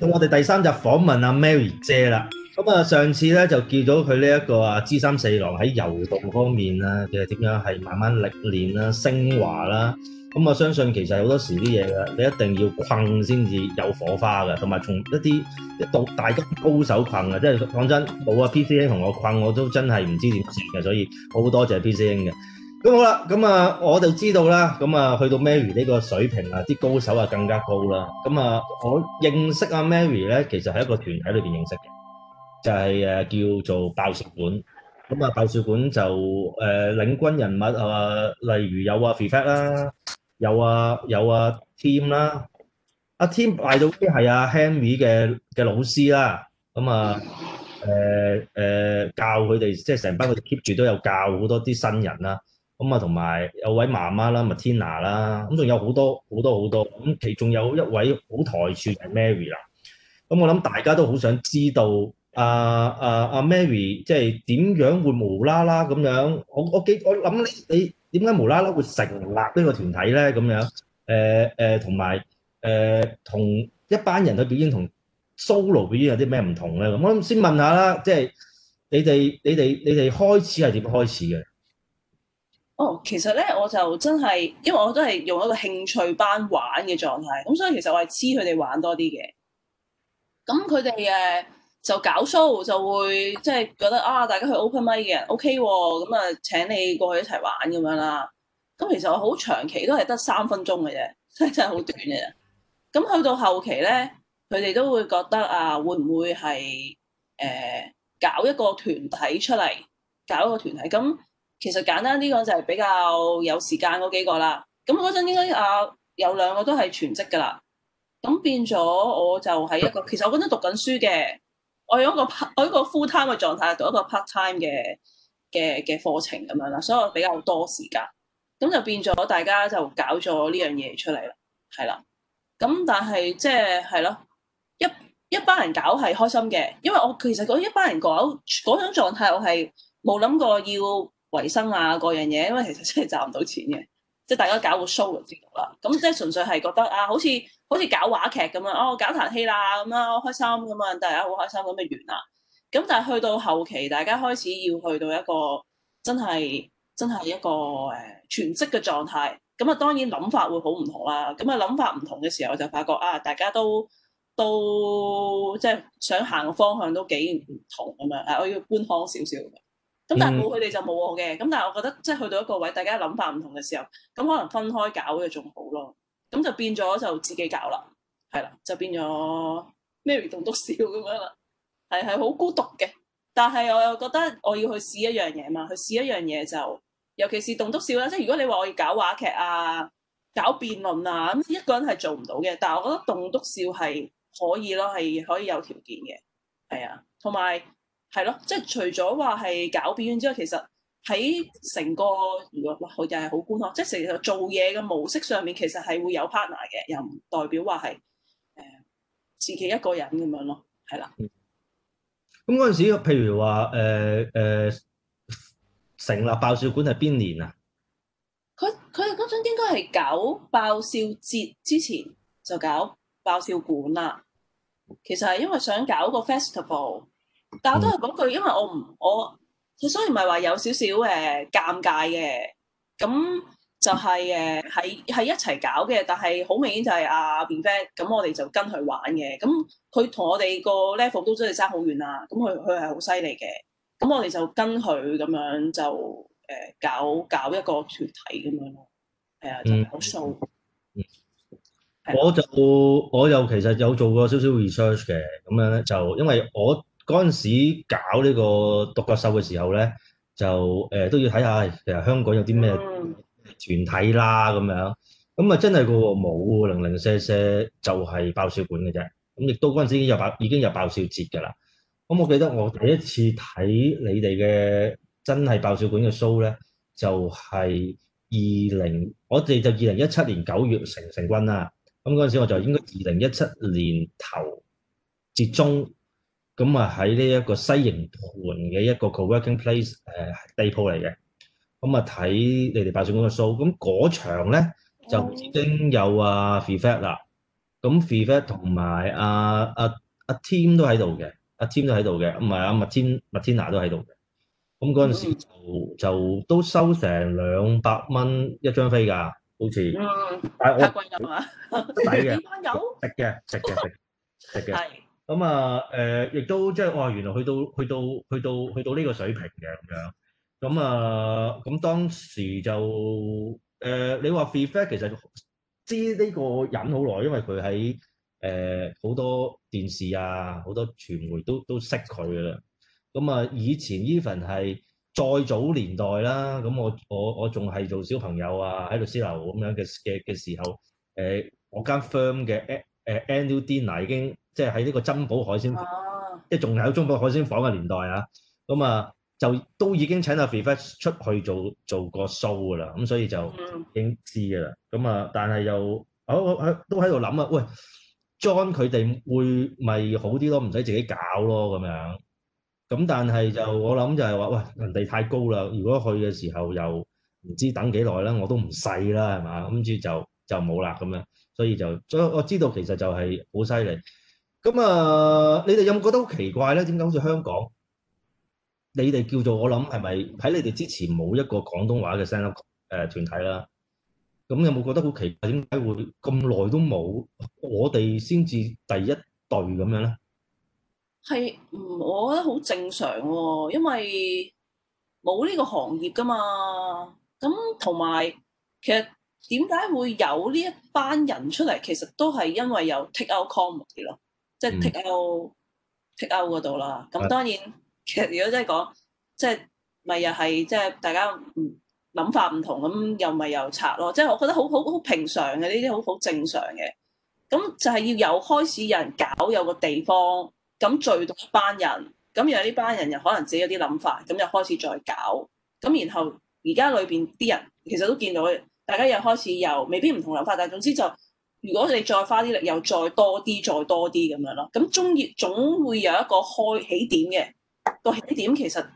咁我哋第三集訪問阿 Mary 姐啦，咁、嗯、啊上次咧就叫咗佢呢一個啊姿三四郎喺柔道方面啊，其實點樣係慢慢歷練啦、昇華啦，咁、嗯、我、嗯嗯、相信其實好多時啲嘢嘅，你一定要困先至有火花嘅，同埋從一啲到大家高手困啊，即係講真，冇啊 PC a 同我困我都真係唔知點食點算嘅，所以我好多謝 PC 英嘅。咁好啦，咁啊，我就知道啦。咁啊，去到 Mary 呢個水平啊，啲高手啊更加高啦。咁啊，我認識阿、啊、Mary 咧，其實喺一個團體裏邊認識嘅，就係、是、誒、啊、叫做爆笑館。咁啊，爆笑館就誒、呃、領軍人物啊，例如有啊 Vivek 啦，有啊有啊 Tim 啦、啊，阿 Tim 嚟到啲係啊 Henry 嘅嘅老師啦、啊。咁啊誒誒、呃呃、教佢哋，即係成班佢哋 keep 住都有教好多啲新人啦、啊。咁啊，同埋有位媽媽啦，Matina 啦，咁仲有好多好多好多，咁其中有一位好台柱係、就是、Mary 啦。咁我諗大家都好想知道，阿阿阿 Mary 即係點樣會無啦啦咁樣？我我記我諗你你點解無啦啦會成立呢個團體咧？咁樣誒誒同埋誒同一班人嘅表演同 solo 表演有啲咩唔同咧？咁、啊、我諗先問下啦，即、就、係、是、你哋你哋你哋開始係點開始嘅？哦，oh, 其實咧，我就真係，因為我都係用一個興趣班玩嘅狀態，咁所以其實我係黐佢哋玩多啲嘅。咁佢哋誒就搞 show，就會即係覺得啊，大家去 open mic 嘅人，OK 喎、哦，咁啊請你過去一齊玩咁樣啦。咁其實我好長期都係得三分鐘嘅啫，真係好短嘅。咁去到後期咧，佢哋都會覺得啊，會唔會係誒、呃、搞一個團體出嚟，搞一個團體咁？其實簡單啲講就係比較有時間嗰幾個啦，咁嗰陣應該啊有兩個都係全職噶啦，咁變咗我就係一個，其實我嗰陣讀緊書嘅，我有一個我一個 full time 嘅狀態讀一個 part time 嘅嘅嘅課程咁樣啦，所以我比較多時間，咁就變咗大家就搞咗呢樣嘢出嚟啦，係啦，咁但係即係係咯，一一班人搞係開心嘅，因為我其實嗰一班人搞嗰種狀態我係冇諗過要。維生啊，各樣嘢，因為其實真係賺唔到錢嘅，即係大家搞個 show 啦，咁、嗯、即係純粹係覺得啊，好似好似搞話劇咁樣，哦，搞談戲啦，咁、嗯、啊、哦，開心咁啊，大家好開心咁就完啦。咁、嗯嗯、但係去到後期，大家開始要去到一個真係真係一個誒、呃、全職嘅狀態，咁、嗯、啊當然諗法會好唔同啦。咁啊諗法唔同嘅時候，就發覺啊，大家都都即係想行嘅方向都幾唔同咁樣、嗯。啊，我要觀光少少。咁、嗯、但係冇佢哋就冇我嘅，咁但係我覺得即係去到一個位，大家諗法唔同嘅時候，咁可能分開搞嘅仲好咯。咁就變咗就自己搞啦，係啦，就變咗 Mary 棟篤笑咁樣啦，係係好孤獨嘅。但係我又覺得我要去試一樣嘢嘛，去試一樣嘢就，尤其是棟篤笑啦。即係如果你話我要搞話劇啊，搞辯論啊，咁一個人係做唔到嘅。但係我覺得棟篤笑係可以咯，係可以有條件嘅。係啊，同埋。係咯，即係除咗話係搞表演之外，其實喺成個娛樂樂界係好觀望，即係成日做嘢嘅模式上面，其實係會有 partner 嘅，又唔代表話係誒自己一個人咁樣咯。係啦。咁嗰陣時，譬如話誒誒成立爆笑館係邊年啊？佢佢嗰陣應該係搞爆笑節之前就搞爆笑館啦。其實係因為想搞個 festival。但我都係講句，因為我唔我，所以唔係話有少少誒尷尬嘅。咁就係誒喺喺一齊搞嘅，但係好明顯就係阿 Ben 咁，嗯、我哋就跟佢玩嘅。咁佢同我哋個 level 都真係差好遠啦。咁佢佢係好犀利嘅。咁我哋就跟佢咁樣就誒、欸、搞搞一個團體咁樣咯。係啊，有、就、數、是嗯。嗯。是的 我就我有其實有做過少少 research 嘅，咁樣咧就因為我。嗰陣時搞呢個獨角秀嘅時候咧，就誒、呃、都要睇下其實香港有啲咩團體啦咁樣，咁、嗯、啊、嗯、真係個冇零零舍舍就係爆笑館嘅啫，咁、嗯、亦都嗰陣時已經有爆已經有爆笑節嘅啦。咁、嗯、我記得我第一次睇你哋嘅真係爆笑館嘅 show 咧，就係二零我哋就二零一七年九月成成軍啦。咁嗰陣時我就應該二零一七年頭接中。咁啊喺呢一個西營盤嘅一個 co-working place 誒地鋪嚟嘅，咁啊睇你哋百盛公司嘅 show，咁嗰場咧就已經有啊 free fat 啦，咁 free fat 同埋阿阿阿 Tim 都喺度嘅，阿 Tim 都喺度嘅，唔係阿麥天麥天拿都喺度嘅，咁嗰陣時就就都收成兩百蚊一張飛㗎，好似、嗯，太貴㗎嘛，抵 嘅，值嘅，值嘅，值嘅，值 咁、就是、啊，誒，亦都即係哇，原來去到去到去到去到呢個水平嘅咁樣，樣。咁啊，咁當時就誒、啊，你話 Vivek 其實知呢個人好耐，因為佢喺誒好多電視啊，好多、啊、多傳媒都都識佢嘅啦。咁啊，以前 even 係再早年代啦、啊，咁我我我仲係做小朋友啊，喺度律師樓咁樣嘅嘅嘅時候，誒、呃，我間 firm 嘅 annual dinner 已經。即係喺呢個珍寶海鮮房，啊、即係仲係喺珍寶海鮮房嘅年代啊！咁啊，就都已經請阿 Vivek 出去做做個 show 噶啦，咁所以就已經知噶啦。咁啊，但係又，我我都喺度諗啊，啊啊喂，join 佢哋會咪好啲咯，唔使自己搞咯咁樣。咁但係就我諗就係話，喂，人哋太高啦，如果去嘅時候又唔知等幾耐啦，我都唔細啦，係嘛？咁跟住就就冇啦咁樣。所以就，所以我知道其實就係好犀利。咁啊，你哋有冇覺得好奇怪咧？點解好似香港，你哋叫做我諗係咪喺你哋之前冇一個廣東話嘅聲誒團體啦？咁有冇覺得好奇怪？點解會咁耐都冇？我哋先至第一隊咁樣咧。係，我覺得好正常喎、哦，因為冇呢個行業㗎嘛。咁同埋其實點解會有呢一班人出嚟，其實都係因為有 TakeOut Comedy 咯。即係踢 out、踢 out 嗰度啦。咁、嗯、當然，其實如果真係講，即係咪又係即係大家諗法唔同，咁又咪又拆咯？即、就、係、是、我覺得好好好平常嘅呢啲，好好正常嘅。咁就係要有開始有人搞，有個地方，咁聚到一班人，咁然後呢班人又可能自己有啲諗法，咁又開始再搞。咁然後而家裏邊啲人其實都見到，大家又開始又未必唔同諗法，但係總之就～如果你再花啲力，又再多啲，再多啲咁樣咯。咁中業總會有一個開起點嘅個起點。其實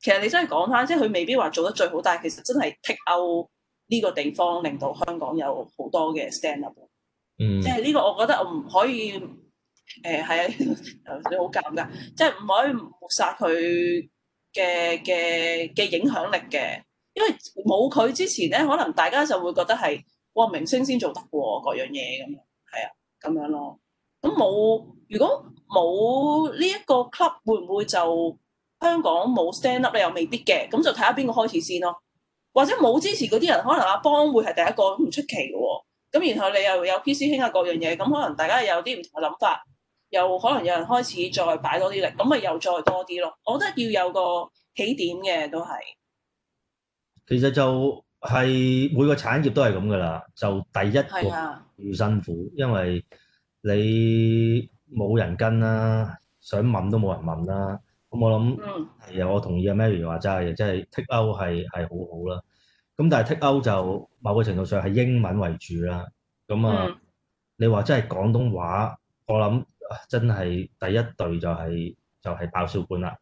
其實你真係講翻，即係佢未必話做得最好，但係其實真係剔歐呢個地方，令到香港有好多嘅 stand up。嗯，即係呢個我覺得我唔可以誒，係、呃、 你好尷尬，即係唔可以抹殺佢嘅嘅嘅影響力嘅，因為冇佢之前咧，可能大家就會覺得係。話明星先做得嘅喎，各樣嘢咁樣，係啊，咁樣咯。咁冇，如果冇呢一個 club，會唔會就香港冇 stand up 你又未必嘅。咁就睇下邊個開始先咯。或者冇支持嗰啲人，可能阿邦會係第一個，唔出奇嘅。咁然後你又有 PC 兄啊，各樣嘢，咁可能大家有啲唔同嘅諗法，又可能有人開始再擺多啲力，咁咪又再多啲咯。我覺得要有個起點嘅都係。其實就。係每個產業都係咁噶啦，就第一要辛苦，啊、因為你冇人跟啦，想問都冇人問啦。咁我諗係啊，嗯、我同意阿 Mary 話齋嘅，即係 TakeOut 係好好啦。咁但係 TakeOut 就某個程度上係英文為主啦。咁啊，嗯、你話真係廣東話，我諗真係第一隊就係、是、就係、是、爆笑館啦。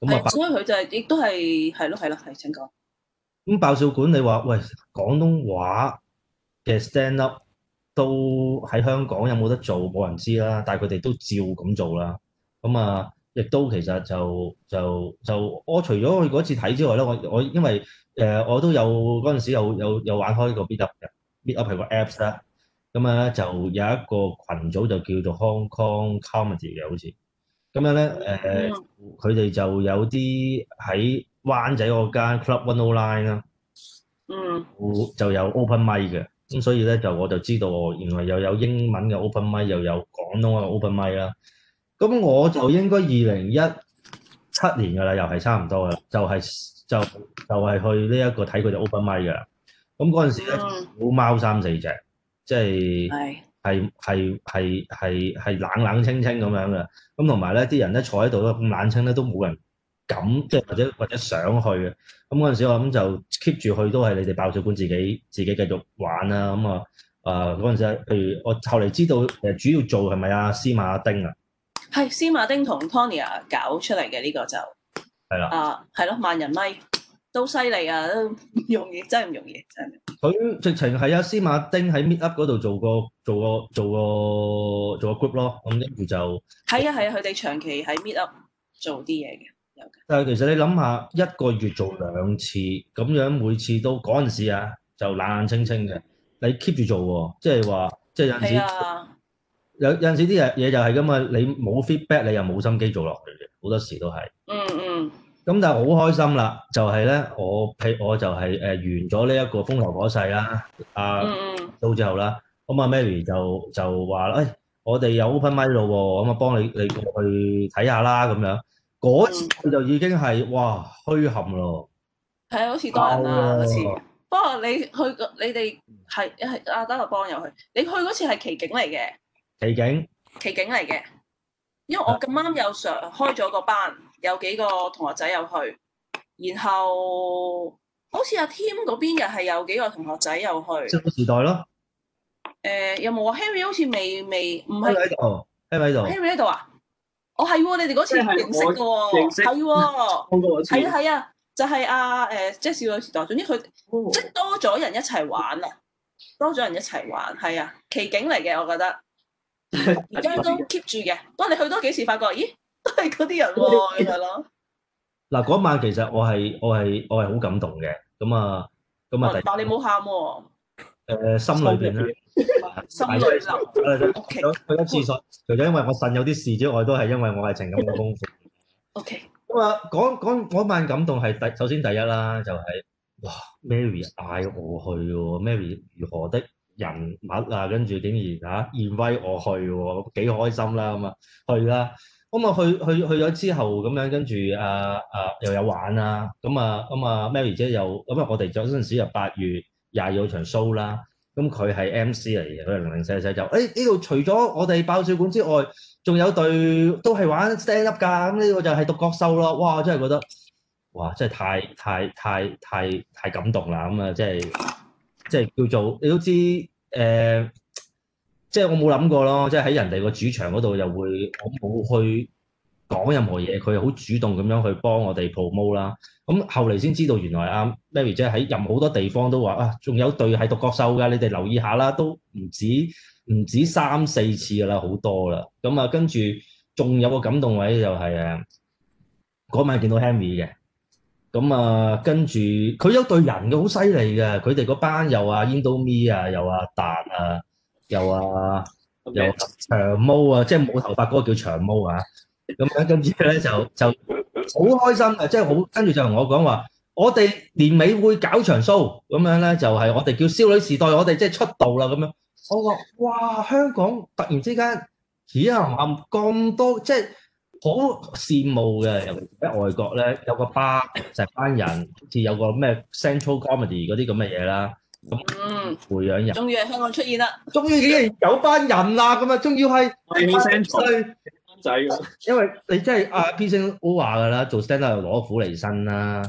咁啊，所以佢就係、是、亦都係係咯係啦，係請講。咁爆笑館你話喂廣東話嘅 stand up 都喺香港有冇得做？冇人知啦，但係佢哋都照咁做啦。咁啊，亦都其實就就就我除咗去嗰次睇之外咧，我我因為誒、呃、我都有嗰陣時有有有玩開個 Meetup 嘅，Meetup 係個 apps 啦。咁啊，就有一個群組就叫做 Hong Kong Comedy 嘅，好似咁樣咧。誒、呃，佢哋就有啲喺灣仔嗰間 Club One Online 啦，嗯，就有 open mic 嘅，咁所以咧就我就知道，原來又有英文嘅 open mic 又有廣東嘅 open mic 啦。咁我就應該二零一七年噶啦，又係差唔多嘅，就係、是、就就係、就是、去呢、這個 mm. 一個睇佢嘅 open mic 嘅嘅。咁嗰陣時咧，小貓三四隻，即係係係係係係冷冷清清咁樣嘅。咁同埋咧，啲人咧坐喺度都咁冷清咧，都冇人。咁即係或者或者想去嘅，咁嗰陣時我諗就 keep 住去都係你哋爆笑館自己自己繼續玩啦，咁啊啊嗰陣時，譬如我後嚟知道誒、呃、主要做係咪阿司馬丁啊？係司馬丁同 Tonya 搞出嚟嘅呢個就係啦，是啊係咯、啊啊，萬人咪都犀利啊，都唔容易，真係唔容易，真係。佢直情係阿司馬丁喺 Meetup 嗰度做個做個做個做，做個 group 咯，咁跟住就係啊係啊，佢哋、啊、長期喺 Meetup 做啲嘢嘅。Okay. 但係其實你諗下，一個月做兩次，咁樣每次都嗰陣時啊，就冷冷清清嘅。你 keep 住做喎、哦，即係話，即、就、係、是、有陣時、哎呀有，有有陣時啲嘢就係咁啊！你冇 feedback，你又冇心機做落去嘅，好多時都係。嗯嗯。咁但係好開心啦，就係、是、咧，我譬如我就係、是、誒、呃、完咗呢一個風流火勢啦、啊，啊，嗯嗯到之後啦，咁啊 Mary 就就話誒、哎，我哋有 open mic 咯、哦，咁啊幫你你去睇下啦，咁樣。嗰、嗯、次佢就已經係哇墟冚咯，係啊，好似多人啦嗰次。不過你去你哋係係阿德勒幫又去，你去嗰次係奇景嚟嘅。奇景。奇景嚟嘅，因為我咁啱又上開咗個班，有幾個同學仔又去。然後好似阿 Tim 嗰邊又係有幾個同學仔又去。即個時代咯。誒、欸、有冇啊？Harry 好似未未唔係。喺度。Harry 喺度。Harry 喺度啊？我係喎，你哋嗰次唔認識嘅喎，係喎，係啊係啊，就係啊誒，即係少女時代。總之佢即係多咗人一齊玩啊，多咗人一齊玩，係啊，奇景嚟嘅我覺得。而家 都 keep 住嘅，當你去多幾次，發覺咦都係嗰啲人㗎啦。嗱嗰 是的 晚其實我係我係我係好感動嘅，咁啊咁啊，但你冇喊喎。誒、呃、心裏邊去咗廁所，除咗因為我腎有啲事之外，都係因為我係情感好豐富。OK，咁啊，講講嗰晚感動係第，首先第一啦，就係、是、哇，Mary 嗌我去、啊、，Mary 如何的人物啊，跟住點而吓艷威我去、啊，幾開心啦、啊，咁、嗯、啊去啦，咁、嗯、啊去去去咗之後咁樣，跟住啊啊又有玩啦、啊，咁、嗯、啊咁啊，Mary 姐又咁啊、嗯，我哋嗰陣時又八月廿二號場 show 啦。咁佢係 M.C. 嚟嘅，佢零零細細就誒呢度除咗我哋爆笑館之外，仲有隊都係玩 stand up 㗎，咁、這、呢個就係獨角獸咯。哇！真係覺得，哇！真係太太太太太感動啦。咁啊，即係即係叫做你都知，誒、呃，即係我冇諗過咯。即係喺人哋個主場嗰度又會，我冇去。講任何嘢，佢又好主動咁樣去幫我哋 promote 啦。咁、嗯、後嚟先知道原來阿、啊、Mary 姐喺任好多地方都話啊，仲有對係獨角獸㗎。你哋留意下啦，都唔止唔止三四次㗎啦，好多啦。咁、嗯、啊，跟住仲有個感動位就係、是、啊，嗰、那個、晚見到 Henry 嘅。咁、嗯、啊，跟住佢有對人嘅好犀利嘅，佢哋嗰班又啊 Indomie 啊，又啊大啊，又啊 Okay. 又長毛啊，即係冇頭髮嗰個叫長毛啊。咁樣跟住咧就就好開心啊！即係好跟住就同我講話，我哋年尾會搞場 show，咁樣咧就係、是、我哋叫少女時代，我哋即係出道啦咁樣。我話哇，香港突然之間咦呀冚咁多，即係好羨慕嘅。尤其喺外國咧，有個巴成班人，好似有個咩 Central Comedy 嗰啲咁嘅嘢啦。嗯，培養人。終於喺香港出現啦！終於已經有班人啦，咁啊，仲要係係 c 仔， 因為你真係阿、啊、p 星都話㗎啦，做 standup 攞苦嚟辛啦，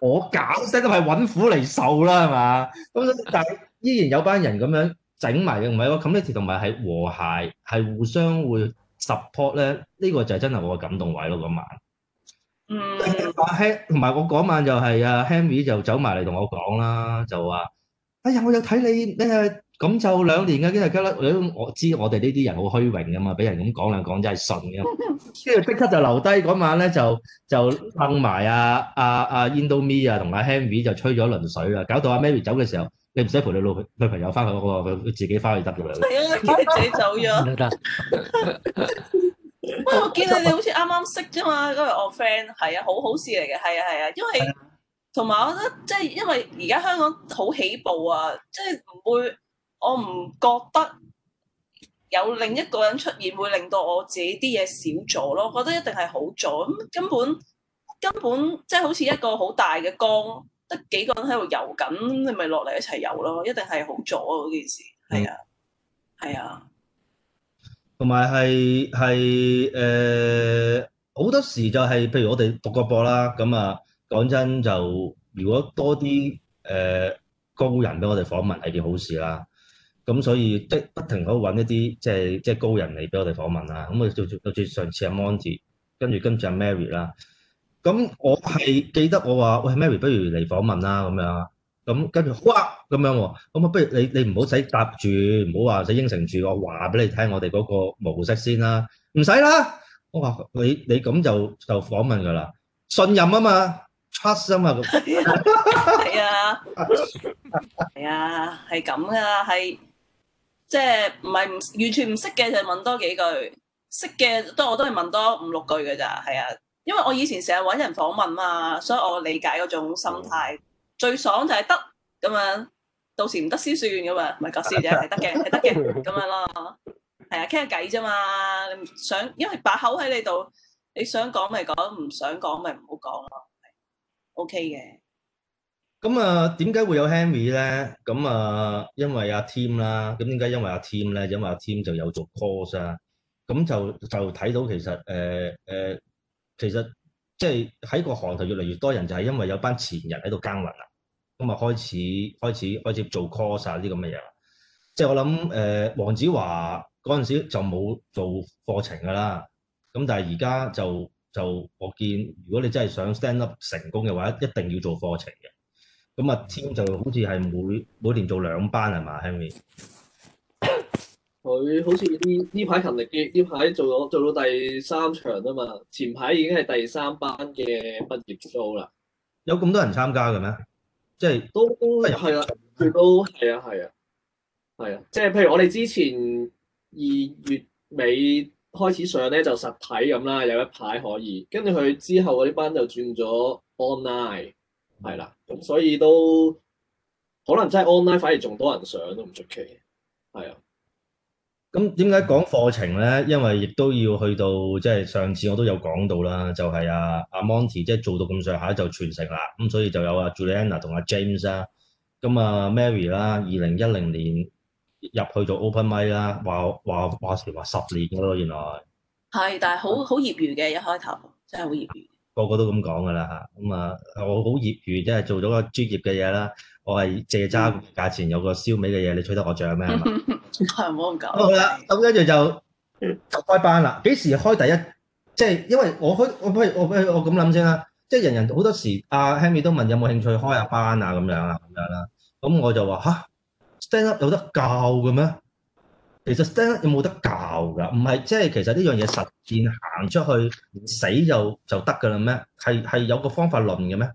我搞 standup 係揾苦嚟受啦，係嘛？咁但係依然有班人咁樣整埋嘅，唔係我 community 同埋係和諧，係互相會 support 咧，呢、這個就真係我嘅感動位咯。嗰晚，嗯，同埋 我嗰晚就係、是、啊 Henry 就走埋嚟同我講啦，就話。哎呀！我又睇你咩咁就兩年嘅幾日幾粒？我知我哋呢啲人好虛榮嘅嘛，俾人咁講兩講真係信嘅，跟住即刻就留低嗰晚咧就就掹埋啊啊啊 Indo Mia 同、啊、阿、啊、Henry 就吹咗一輪水啦，搞到阿 Mary 走嘅時候，你唔使陪你老女朋友翻去喎，佢自己翻去得嘅啦。係啊，佢自己走咗。得！喂，我見到你好似啱啱識啫嘛，因為我 friend 係啊，好好事嚟嘅，係啊係啊，因為。同埋，我覺得即係因為而家香港好起步啊，即係唔會，我唔覺得有另一個人出現會令到我自己啲嘢少咗咯。覺得一定係好咗咁，根本根本即係好似一個好大嘅缸，得幾個人喺度游緊，你咪落嚟一齊游咯。一定係好咗嗰件事，係啊，係啊。同埋係係誒，好多時就係譬如我哋讀個博啦，咁啊。講真就，如果多啲誒、呃、高人俾我哋訪問係件好事啦。咁所以即不停咁搵一啲即係即係高人嚟俾我哋訪問啦。咁我最最最上次阿 Monte，跟住跟住阿 Mary 啦。咁我係記得我話喂 Mary，不如嚟訪問啦咁樣。咁跟住哇咁樣喎、喔。咁啊不如你你唔好使答住，唔好話使應承住。我話俾你聽，我哋嗰個模式先啦。唔使啦。我話你你咁就就訪問㗎啦。信任啊嘛。開心 啊！係啊，係啊，係咁噶，係即係唔係唔完全唔識嘅就問多幾句，識嘅都我都係問多五六句噶咋，係啊，因為我以前成日搵人訪問嘛，所以我理解嗰種心態、嗯、最爽就係得咁樣，到時唔得先算噶嘛，唔係教師嘅係得嘅係得嘅咁樣咯，係啊，傾下偈咋嘛，你唔想因為把口喺你度，你想講咪講，唔想講咪唔好講咯。O.K. 嘅，咁啊，點解會有 Henry 咧？咁啊，因為阿、啊、Tim 啦、啊，咁點解因為阿、啊、Tim 咧？因為阿、啊、Tim 就有做 course 啊，咁就就睇到其實誒誒、呃呃，其實即係喺個行頭越嚟越多人，就係因為有班前人喺度耕耘啊，咁啊開始開始開始做 course 啊啲咁嘅嘢啦。即、這、係、個就是、我諗誒，黃、呃、子華嗰陣時就冇做課程㗎啦，咁但係而家就。就我見，如果你真係想 stand up 成功嘅話，一定要做課程嘅。咁啊，天、嗯、就好似係每每年做兩班係嘛？係咪？佢好似呢呢排勤力啲，呢排做咗做到第三場啊嘛。前排已經係第三班嘅畢業 show 啦。有咁多人參加嘅咩？即、就、係、係、都係啦，佢都係啊係啊，係啊。即係、啊啊啊就係、譬如我哋之前二月尾。開始上咧就實體咁啦，有一排可以。跟住佢之後嗰啲班就轉咗 online，係啦。咁所以都可能真係 online 反而仲多人上都唔出奇。係啊。咁點解講課程咧？因為亦都要去到即係、就是、上次我都有講到啦，就係、是、啊，阿、啊、Monty 即係做到咁上下就傳承啦。咁所以就有阿、啊、Juliana 同阿、啊、James 啦、啊，咁啊 Mary 啦，二零一零年，入去做 open mic 啦，話話話前話十年咯，原來係，但係好好業餘嘅的一開頭，真係好業,業餘。個個都咁講㗎啦，咁啊，我好業餘，即係做咗個專業嘅嘢啦。我係借揸價錢有個燒味嘅嘢，你吹得我脹咩？係嘛？咁冇搞。嗯、好啦，咁跟住就就開班啦。幾時開第一？即係因為我開我開我開我咁諗先啦。即係人人好多時，阿、啊、Henry 都問有冇興趣開下班啊咁樣啊咁樣啦。咁我就話嚇。啊 Stand Up 有得教嘅咩？其實 Stand Up 有冇得教㗎？唔係即係其實呢樣嘢實踐行出去死就就得㗎啦咩？係係有個方法論嘅咩？誒、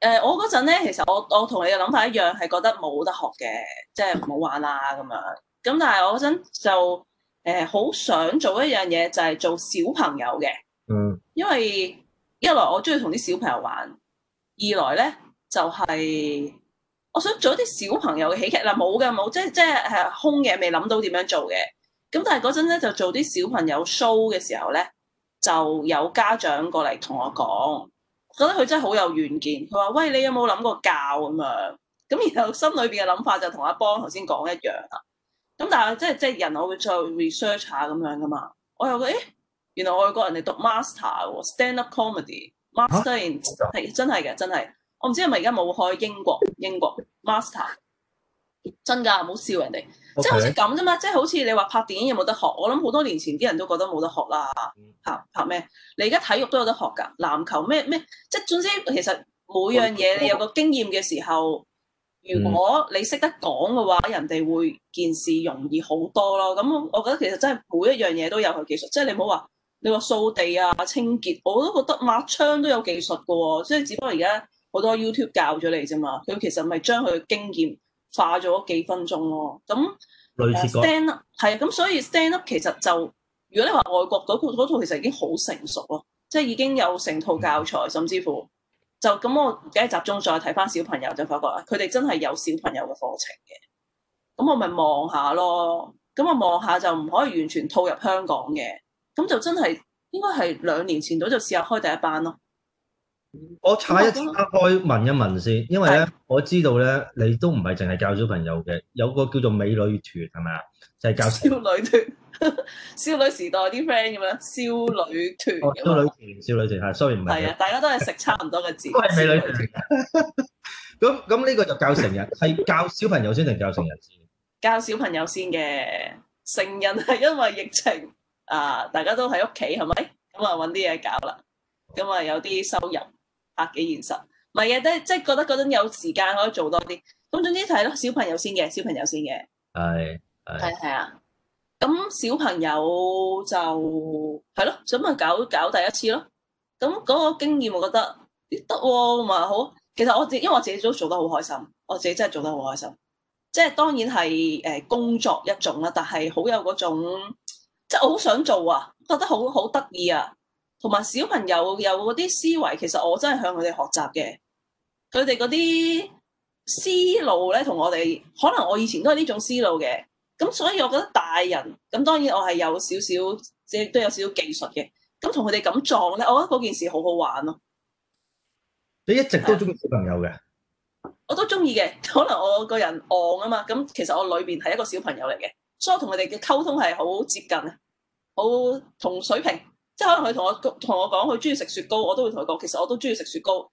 呃、我嗰陣咧，其實我我同你嘅諗法一樣，係覺得冇得學嘅，即係唔好玩啦咁樣。咁但係我嗰陣就誒好、呃、想做一樣嘢，就係、是、做小朋友嘅。嗯，因為一來我中意同啲小朋友玩，二來咧就係、是。我想做啲小朋友嘅喜劇啦，冇嘅冇，即係即係係空嘢未諗到點樣做嘅。咁但係嗰陣咧就做啲小朋友 show 嘅時候咧，就有家長過嚟同我講，覺得佢真係好有遠見。佢話：喂，你有冇諗過教咁樣？咁然後心裏邊嘅諗法就同阿邦頭先講一樣啦。咁但係即係即係人，我會做 research 下咁樣噶嘛。我又覺得：誒，原來外國人哋讀 master 喎，stand up comedy，master in 係真係嘅，真係。真我唔知係咪而家冇開、英國、英國 master 真噶，唔好笑人哋，即係 Okay.、就是、好似咁啫嘛。即係好似你話拍電影有冇得學？我諗好多年前啲人都覺得冇得學啦嚇拍咩？你而家體育都有得學㗎，籃球咩咩，即係總之其實每樣嘢你有個經驗嘅時候，如果你識得講嘅話，人哋會件事容易好多咯。咁我覺得其實真係每一樣嘢都有佢技術，即係你唔好話你話掃地啊、清潔，我都覺得抹窗都有技術㗎喎，所以只不過而家。好多 YouTube 教咗你啫嘛，佢其實咪將佢嘅經驗化咗幾分鐘咯。咁類似 stand up 係啊，咁所以 stand up 其實就如果你話外國嗰個嗰套其實已經好成熟咯，即係已經有成套教材，甚至乎就咁我而家集中再睇翻小朋友就發覺啊，佢哋真係有小朋友嘅課程嘅。咁我咪望下咯，咁啊望下就唔可以完全套入香港嘅，咁就真係應該係兩年前度就試下開第一班咯。我拆一拆開，問一問先，因為咧我知道咧，你都唔係淨係教小朋友嘅，有個叫做美女團係咪啊？就係，是，教少女團、少女時代啲 friend 咁樣，少女團、少女團、少女團係，sorry 唔係，係啊，大家都係食差唔多嘅字，美女團。咁咁呢個就教成人，係 教小朋友先定教成人先？教小朋友先嘅，成人係因為疫情啊，大家都喺屋企係咪？咁啊揾啲嘢搞啦，咁啊有啲收入。百幾現實，唔係啊！即係即係覺得嗰陣有時間可以做多啲，咁總之睇咯，小朋友先嘅的的，小朋友先嘅，係係係啊！咁小朋友就係咯，想咪搞搞第一次咯，咁嗰個經驗我覺得得喎，咁咪好，其實我自因為我自己都做得好開心，我自己真係做得好開心，即係當然係誒工作一種啦，但係好有嗰種，即係我好想做啊，覺得好好得意啊！同埋小朋友有嗰啲思維，其實我真係向佢哋學習嘅。佢哋嗰啲思路咧，同我哋可能我以前都係呢種思路嘅。咁所以我覺得大人咁，當然我係有少少即都有少少技術嘅。咁同佢哋咁撞咧，我覺得嗰件事好好玩咯啊。你一直都中意小朋友嘅？我都中意嘅。可能我個人戇啊嘛，咁其實我裏邊係一個小朋友嚟嘅，所以我同佢哋嘅溝通係好接近啊，好同水平。即係可能佢同我同我講佢中意食雪糕，我都會同佢講，其實我都中意食雪糕，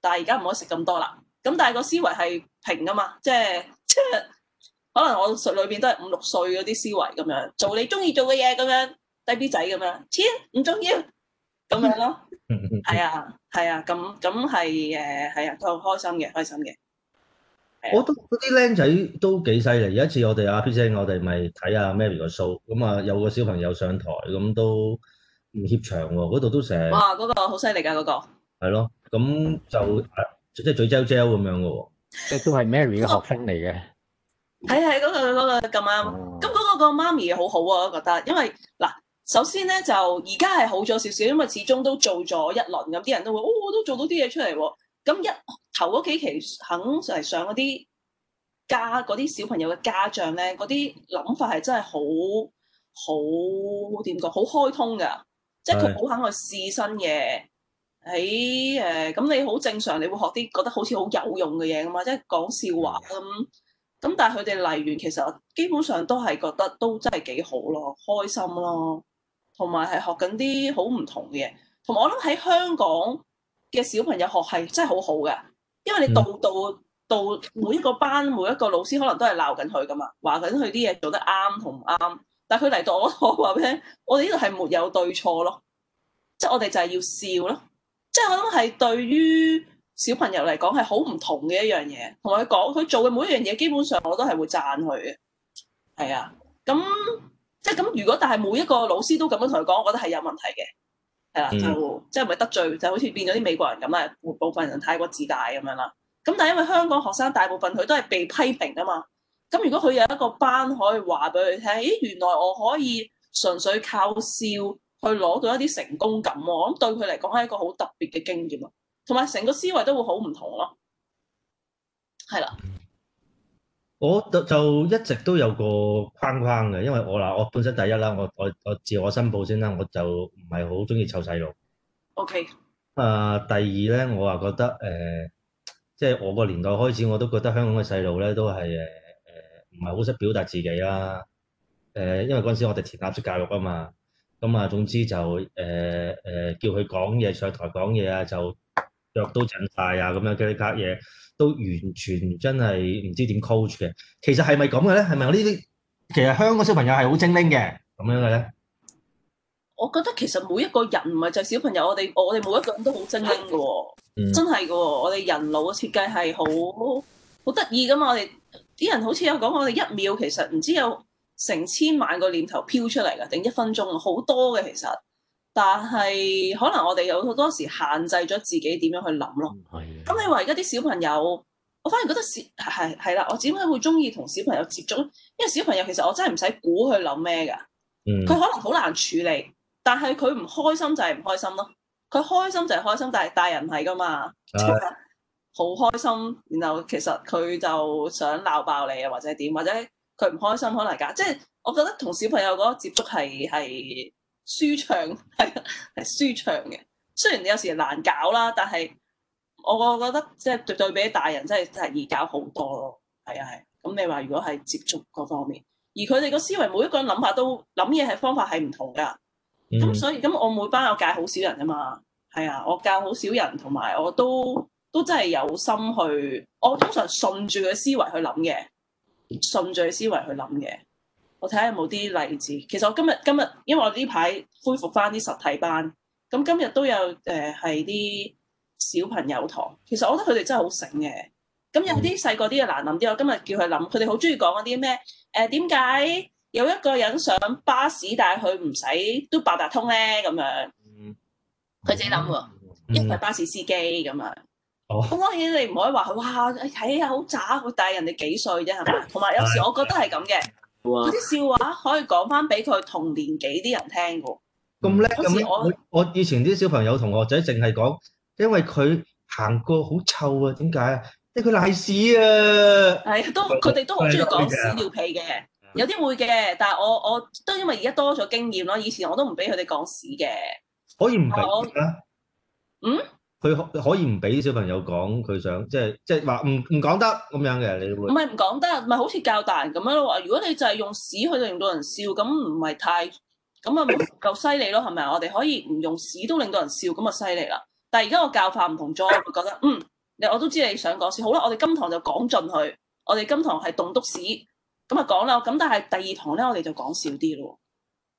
但係而家唔可以食咁多啦。咁但係個思維係平噶嘛即係即係可能我裏邊都係五六歲嗰啲思維咁樣，做你中意做嘅嘢咁樣，低 B 仔咁樣，錢唔重要咁樣咯。嗯，係啊係啊，咁咁係，誒係啊，都好開心嘅開心嘅。啊、我都嗰啲僆仔都幾犀利。有一次我哋阿、啊、p e 我哋咪睇阿 Mary 個 show，咁啊有個小朋友上台咁都。唔怯場喎，嗰度都成哇，嗰個好犀利噶嗰個係咯，咁就即係嘴嚼嚼咁樣噶喎，即係都係 Mary 嘅學生嚟嘅，係係嗰個嗰個咁啱，咁嗰個個媽咪好好啊，我覺得，因為嗱，首先咧就而家係好咗少少，因為始終都做咗一輪，有啲人都會，哦，我都做到啲嘢出嚟喎，啊，咁一頭嗰幾期肯嚟上嗰啲家嗰啲小朋友嘅家長咧，嗰啲諗法係真係好好點講，好開通噶。即係佢好肯去試新嘢，喺誒咁你好正常，你會學啲覺得好似好有用嘅嘢啊嘛，即係講笑話咁。咁但係佢哋嚟完，其實基本上都係覺得都真係幾好咯，開心咯，同埋係學緊啲好唔同嘅嘢。同埋我諗喺香港嘅小朋友學係真係好好嘅，因為你度度、嗯、度，度每一個班每一個老師可能都係鬧緊佢㗎嘛，話緊佢啲嘢做得啱同唔啱。但佢嚟到我度，我話俾佢聽，我哋呢度係沒有對錯咯，即係我哋就係要笑咯，即係我諗係對於小朋友嚟講係好唔同嘅一樣嘢，同佢講佢做嘅每一樣嘢，基本上我都係會讚佢嘅，係啊，咁即係咁。如果但係每一個老師都咁樣同佢講，我覺得係有問題嘅，係啦，啊，就即係咪得罪就好似變咗啲美國人咁啦，部分人太過自大咁樣啦。咁但係因為香港學生大部分佢都係被批評啊嘛。咁如果佢有一個班可以話俾佢聽，咦，原來我可以純粹靠笑去攞到一啲成功感喎，咁對佢嚟講係一個好特別嘅經驗啊，同埋成個思維都會好唔同咯，係啦，我就就一直都有個框框嘅，因為我嗱，我本身第一啦，我我我自我申報先啦，我就唔係好中意湊細路，OK，啊，第二咧，我話覺得誒，即係我個年代開始，我都覺得香港嘅細路咧都係誒。唔係好識表達自己啊！誒、呃，因為嗰陣時我哋填鴨式教育啊嘛，咁、嗯、啊，總之就誒誒、呃呃，叫佢講嘢上台講嘢啊，就腳都震晒啊，咁樣嘅啲其他嘢都完全真係唔知點 coach 嘅。其實係咪咁嘅咧？係咪我呢啲？其實香港小朋友係好精靈嘅咁樣嘅咧。我覺得其實每一個人唔係就係小朋友，我哋我哋每一個人都好精靈嘅喎、哦，嗯、真係嘅喎。我哋人腦嘅設計係好好得意噶嘛，我哋。啲人好似有講，我哋一秒其實唔知有成千萬個念頭飄出嚟㗎，定一分鐘好多嘅其實。但係可能我哋有好多時限制咗自己點樣去諗咯。係的。咁你話而家啲小朋友，我反而覺得係係係啦，我點解會中意同小朋友接觸，因為小朋友其實我真係唔使估佢諗咩㗎。佢、嗯、可能好難處理，但係佢唔開心就係唔開心咯。佢開心就係開心，但係大人係㗎嘛。的 好開心，然後其實佢就想鬧爆你啊，或者點，或者佢唔開心可能架，即係我覺得同小朋友嗰個接觸係係舒暢，係係舒暢嘅。雖然你有時難搞啦，但係我覺得即係絕對比大人真係易搞好多咯。係啊係，咁你話如果係接觸嗰方面，而佢哋個思維每一個人諗法都諗嘢係方法係唔同㗎。咁、嗯、所以咁我每班我教好少人啊嘛，係啊，我教好少人，同埋我都。都真係有心去，我通常順住佢思維去諗嘅，順住佢思維去諗嘅。我睇下有冇啲例子。其實我今日今日，因為我呢排恢復翻啲實體班，咁今日都有誒係啲小朋友堂。其實我覺得佢哋真係好醒嘅。咁有啲細個啲嘅難諗啲，我今日叫佢諗，佢哋好中意講嗰啲咩？誒點解有一個人上巴士，但係佢唔使都八達通咧？咁樣，佢自己諗喎，因為巴士司機咁樣。咁當然你唔可以話佢，哇睇下好渣，但大人哋幾歲啫，係咪？同埋有，有時我覺得係咁嘅，嗰啲、哎、笑話可以講翻俾佢同年紀啲人聽嘅。咁叻咁，我我以前啲小朋友同學仔淨係講，因為佢行過好臭啊，點解啊？即係佢瀨屎啊！係、哎、都佢哋、哎、呀都好中意講屎尿屁嘅，哎、呀有啲會嘅，但係我我都因為而家多咗經驗咯，以前我都唔俾佢哋講屎嘅，可以唔講嗯？佢可以唔俾小朋友講佢想，即係即係話唔唔講得咁樣嘅，你會唔係唔講得，咪、就是、好似教大人咁樣咯？如果你就係用屎去令到人笑，咁唔係太咁啊，唔夠犀利咯，係咪？我哋可以唔用屎都令到人笑，咁啊犀利啦！但係而家我教法唔同咗，我覺得嗯，你我都知你想講笑。好啦，我哋今堂就講盡佢，我哋今堂係棟篤屎，咁啊講啦。咁但係第二堂咧，我哋就講少啲咯，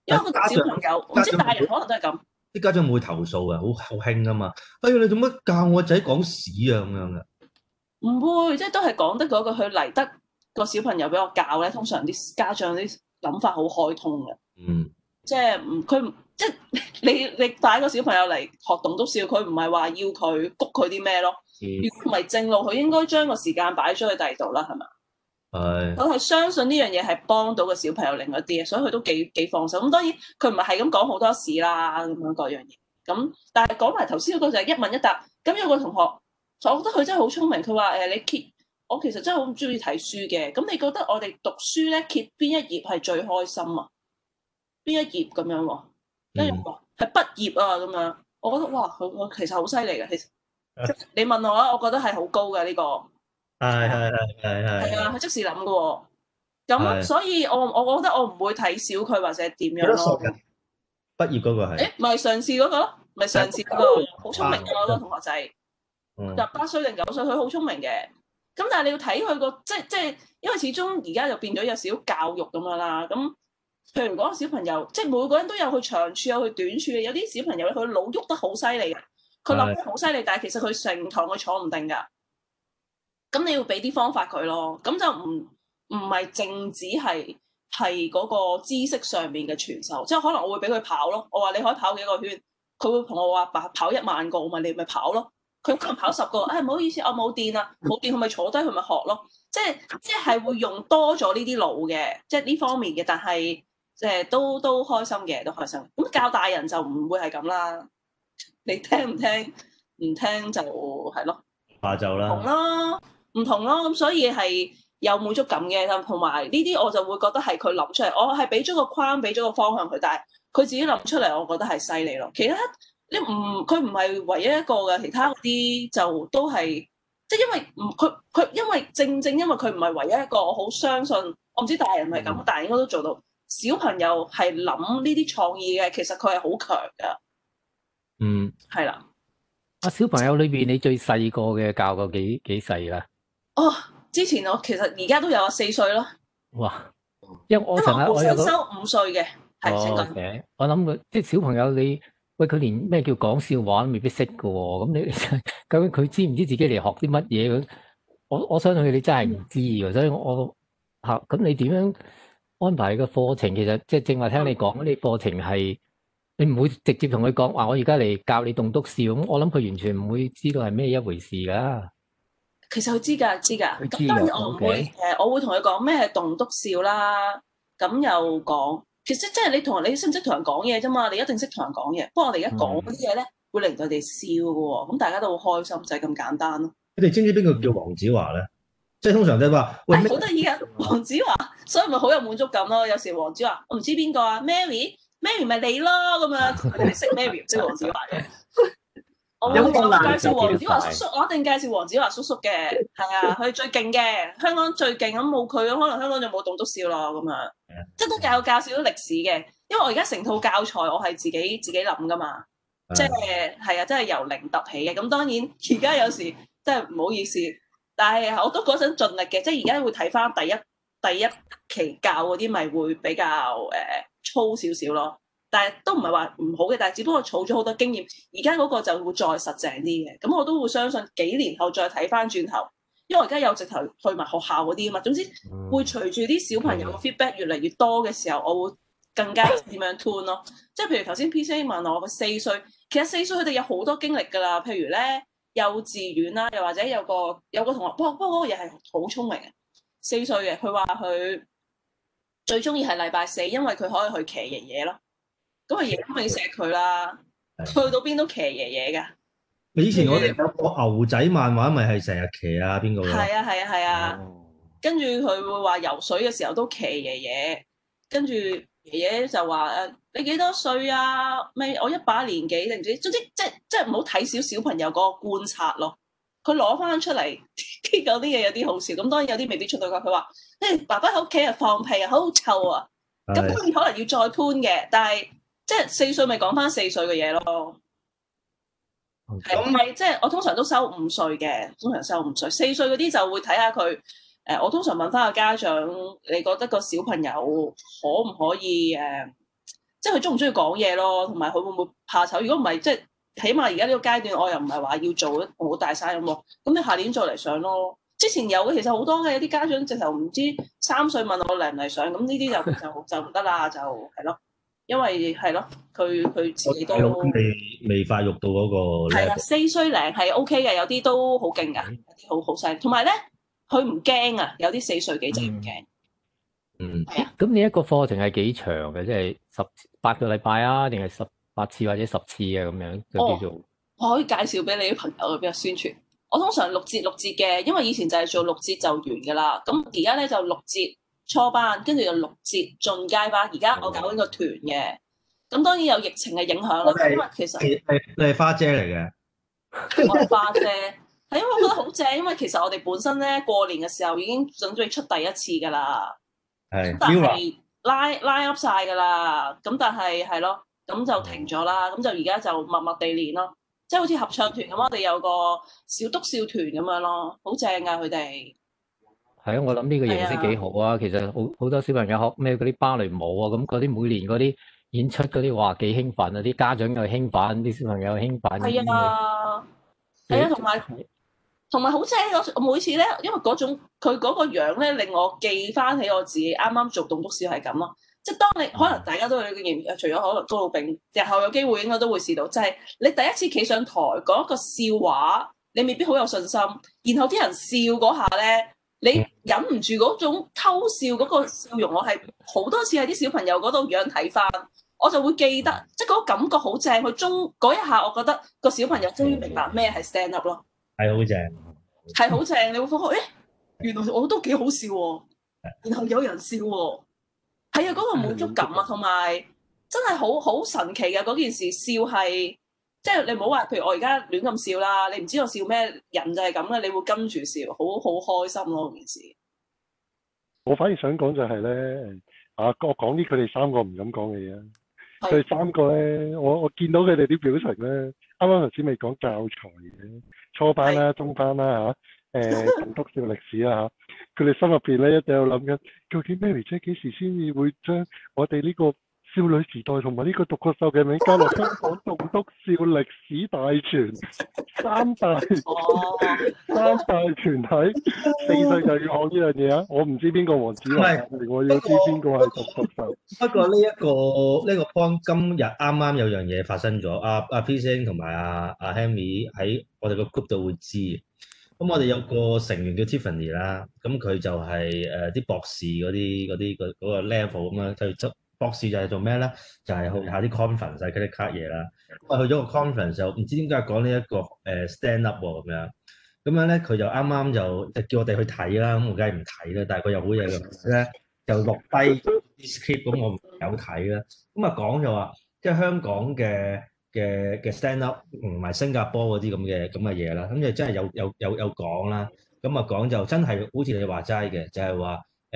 因為個小朋友，唔知大人可能都係咁。啲家長會投訴嘅，好好興噶嘛！哎呀，你做乜教我仔講屎啊咁樣嘅？唔會，即係都係講得嗰、嗰個佢嚟得個小朋友俾我教咧。通常啲家長啲諗法好開通嘅。嗯，即係唔佢唔即係你你帶個小朋友嚟學棟篤笑，佢唔係話要佢谷佢啲咩咯？如果唔係正路，佢應該將個時間擺出去第二度啦，係咪？佢係是相信呢樣嘢係幫到個小朋友另一啲，所以佢都幾幾放手。咁當然佢唔係係咁講好多事啦，咁樣各樣嘢。咁但係講埋頭先嗰個就係一問一答。咁有個同學，我覺得佢真係好聰明。佢話：誒、欸，你揭我其實真係好唔中意睇書嘅。咁你覺得我哋讀書咧揭邊一頁係最開心啊？邊一頁咁樣喎、啊？跟住話係畢業啊咁樣。我覺得哇，佢佢其實好犀利嘅。其實,其實你問我啊，我覺得係好高嘅呢、呢個。係係係係係係啊！佢即時諗噶、哦，咁的所以我我覺得我唔會睇小佢或者點樣咯。畢業嗰個係誒，咪、欸、上次嗰、那個咯，咪上次嗰、那個好聰明嗰個同學仔，十八歲定九歲，佢好聰明嘅。咁但係你要睇佢個即係即係，因為始終而家就變咗有少少教育咁樣啦。咁譬如如果小朋友，即係每個人都有佢長處，有佢短處嘅。有啲小朋友佢腦喐得好犀利嘅，佢諗得好犀利，的但係其實佢成堂佢坐唔定噶。咁你要俾啲方法佢咯，咁就唔唔係淨止係係嗰個知識上面嘅傳授，即係可能我會俾佢跑咯，我話你可以跑幾個圈，佢會同我話，爸跑一萬個，我問你咪跑咯，佢可能跑十個，誒、哎、唔好意思，我冇電啦，冇電佢咪坐低佢咪學咯，即係即係會用多咗呢啲腦嘅，即係呢方面嘅，但係即係都都開心嘅，都開心。咁教大人就唔會係咁啦，你聽唔聽？唔聽就係咯，下晝啦，紅唔同咯，咁所以係有滿足感嘅，同同埋呢啲我就會覺得係佢諗出嚟，我係俾咗個框，俾咗個方向佢，但係佢自己諗出嚟，我覺得係犀利咯。其他你唔，佢唔係唯一一個嘅，其他啲就都係即係因為唔，佢佢因為正正因為佢唔係唯一一個我好相信，我唔知大人係咁，大人、嗯、應該都做到，小朋友係諗呢啲創意嘅，其實佢係好強噶。嗯，係啦的，啊小朋友裏邊你最細個嘅教過幾幾細啦？哦，之前我其實而家都有啊，四歲咯。哇，因為我想收五歲嘅，係，我諗我諗佢即係小朋友，你喂佢連咩叫講笑話都未必識㗎喎。咁你究竟佢知唔知自己嚟學啲乜嘢？我我相信佢你真係唔知喎。所以我吓咁你點樣安排個課程？其實即係正話聽你講，你課程係你唔會直接同佢講話，我而家嚟教你棟篤笑咁。我諗佢完全唔會知道係咩一回事㗎。其實佢知㗎，知㗎。咁當然我唔會誒，我會同佢講咩棟篤笑啦，咁又講。其實即係你同你識唔識同人講嘢啫嘛，你一定識同人講嘢。不過我哋而家講嗰啲嘢咧，嗯、會令到人哋笑嘅喎、哦，咁大家都好開心，就係、是、咁簡單咯。你哋知唔知邊個叫黃子華咧？即係通常即係話，好得意啊，黃子華，所以咪好有滿足感咯。有時黃子華，我唔知邊個啊，Mary，Mary 咪 Mary 你咯，咁啊，你識 Mary 唔識黃子華嘅？ 我會介紹黃子華叔，叔，我一定介紹黃子華叔叔嘅，係啊， 佢最勁嘅，香港最勁咁冇佢，可能香港就冇棟篤笑咯咁樣，即係都教教少咗歷史嘅，因為我而家成套教材我係自己自己諗㗎嘛，即係係啊，即係、就是、由零突起嘅，咁當然而家有時即係唔好意思，但係我都嗰陣盡力嘅，即係而家會睇返第一第一期教嗰啲咪會比較誒、呃、粗少少咯。但係都唔係話唔好嘅，但係只不過儲咗好多經驗。而家嗰個就會再實淨啲嘅，咁我都會相信幾年後再睇翻轉頭。因為我而家有直頭去埋學校嗰啲啊嘛，總之會隨住啲小朋友嘅 feedback 越嚟越多嘅時候，我會更加點樣 tune 咯。即係譬如頭先 P C 問我個四歲，其實四歲佢哋有好多經歷㗎啦。譬如咧幼稚園啦，又或者有個有個同學，不過不過嗰個又係好聰明嘅四歲嘅，佢話佢最中意係禮拜四，因為佢可以去騎人嘢咯。咁啊，爺爺咪錫佢啦，的去到邊都騎爺爺㗎。以前我哋講過牛仔漫畫咪係成日騎啊，邊個？係啊係啊係啊。嗯、跟住佢會話游水嘅時候都騎爺爺，跟住爺爺就話誒你幾多歲啊？咩？我一把年紀，定唔知？總之即係即係唔好睇少小朋友嗰個觀察咯。佢攞翻出嚟， 有啲嘢有啲好笑。咁當然有啲未必出到街。佢話誒爸爸喺屋企啊放屁啊好臭啊，咁的可能要再搬嘅，但係。即係四歲咪講翻四歲嘅嘢咯，唔係 Okay. 即係我通常都收五歲嘅，通常收五歲。四歲嗰啲就會睇下佢，誒、呃，我通常問翻個家長，你覺得個小朋友可唔可以誒、呃，即係佢中唔中意講嘢咯，同埋佢會唔會怕醜？如果唔係，即係起碼而家呢個階段，我又唔係話要做好大晒咁喎，咁你下年再嚟上咯。之前有嘅，其實好多嘅，有啲家長直頭唔知三歲問我嚟唔嚟上，咁呢啲就就就唔得啦，就係咯。因為係咯，佢佢自己都未未發育到嗰個係啦，四歲零係 O K 嘅，有啲都好勁噶、欸，有啲好好聲。同埋咧，佢唔驚啊，有啲四歲幾就唔驚。嗯，係啊的。咁你一個課程係幾長嘅？即、就、係、是、十八個禮拜啊，定係十八次或者十次啊？咁樣就叫做、哦、我可以介紹俾你啲朋友去邊度宣傳。我通常六節六節嘅，因為以前就係做六節就完噶啦。咁而家咧就六節。初班跟住又六節進階班，而家我搞緊個團嘅，咁當然有疫情嘅影響啦。咁是其實你係你係花姐嚟嘅，我係花姐，係 因為我覺得好正，因為其實我哋本身咧過年嘅時候已經準備出第一次噶啦，係，因拉拉 up 曬噶啦，咁但係係咯，咁就停咗啦，咁 就而家就默默地練咯，即係好似合唱團咁，我哋有個小篤笑團咁樣咯，好正噶佢哋。係啊，我諗呢個形式幾好啊啊，其實好好多小朋友學咩嗰啲芭蕾舞啊，咁嗰啲每年嗰啲演出嗰啲，哇，幾興奮啊！啲家長又興奮，啲小朋友興奮。係啊，係啊，同埋同埋好正，我每次咧，因為嗰種佢嗰個樣咧，令我記翻起我自己啱啱做棟篤笑係咁咯。即係當你可能大家都有呢個經驗、啊、除咗可能高佬丙日後有機會，應該都會試到。就係、是、你第一次企上台講一個笑話，你未必好有信心，然後啲人笑嗰下咧。你忍唔住嗰種偷笑嗰個笑容，我係好多次喺啲小朋友嗰度樣睇翻，我就會記得，即係嗰個感覺好正。佢中嗰一下，我覺得個小朋友終於明白咩係 stand up 咯，係好正，係好正。你會發覺，誒、欸，原來我都幾好笑，然後有人笑，係啊，嗰、那個滿足感啊，同埋的真係好好神奇嘅嗰件事，笑係。即係你唔好話，譬如我而家亂咁笑啦，你唔知我笑咩，人就係咁嘅，你會跟住笑，好好開心咯。件事。我反而想講就係、是、咧，啊，我講啲佢哋三個唔敢講嘅嘢啊。佢哋的三個咧，我我見到佢哋啲表情咧，啱啱頭先未講教材嘅，初班啦、啊、中班啦、啊、嚇，誒的，同讀少歷史啦、啊、嚇，佢哋 心入邊咧一定要諗緊，究竟 Mary 姐幾時先至會將我哋呢、這個？少女時代同埋呢個獨角獸嘅名加入香港棟篤笑歷史大全，三大三大全體，四歲就要學呢樣嘢啊！我唔知邊個王子，是果我要知邊個係獨角獸不。不過呢、這、一個呢、這個 point 今日啱啱有樣嘢發生咗啊！啊 P Sin 同埋阿啊 Henry 喺、啊啊啊、我哋個 group 度會知，咁我哋有個成員叫 Tiffany 啦、就是，咁佢就係誒啲博士嗰啲啲嗰個 level 咁樣退出。博士就係做咩咧？就係、是、去下啲 conference，cut 嘢啦。咁啊去咗個 conference 就唔知點解講呢一個誒 stand up 喎、啊、咁樣呢。咁樣咧佢就啱啱就就叫我哋去睇啦，咁我梗係唔睇啦。但係佢又好嘢嘅，咧就落低 script 咁我唔有睇啦。咁啊講就話即係香港嘅嘅嘅 stand up 唔係新加坡嗰啲咁嘅咁嘅嘢啦。咁就真係有有有有講啦。咁啊講就真係好似你話齋嘅，就係、是、話。誒誒、呃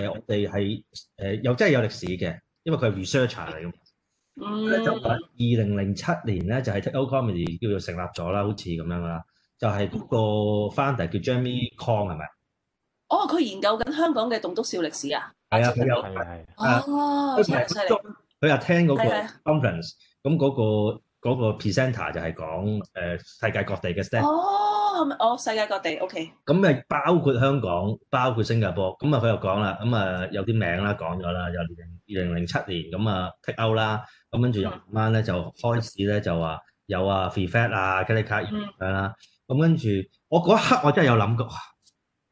呃，我哋係誒又真係有歷史嘅，因為佢係 researcher 嚟嘅。嗯。咧就係二零零七年咧，就係、是、TakeOut Comedy 叫做成立咗啦，好似咁樣啦。就係、是、嗰個 founder、嗯、叫 Jamie Kong 係咪？哦，佢研究緊香港嘅棟篤笑歷史啊！係啊，佢有。係係、啊。哦。都太犀利。佢又聽嗰個 conference，咁嗰、啊那個、那個、presenter 就係講誒、呃、世界各地嘅 stand 哦。哦，世界各地 OK。咁啊，包括香港，包括新加坡。咁啊，佢又講啦，咁啊，有啲名啦，講咗啦，由二零零七年咁啊，踢歐啦。咁跟住又啱咧，就開始咧，就話有啊，FreeFat 啊，嘉力卡咁樣啦。咁跟住，我嗰一刻我真係有諗過，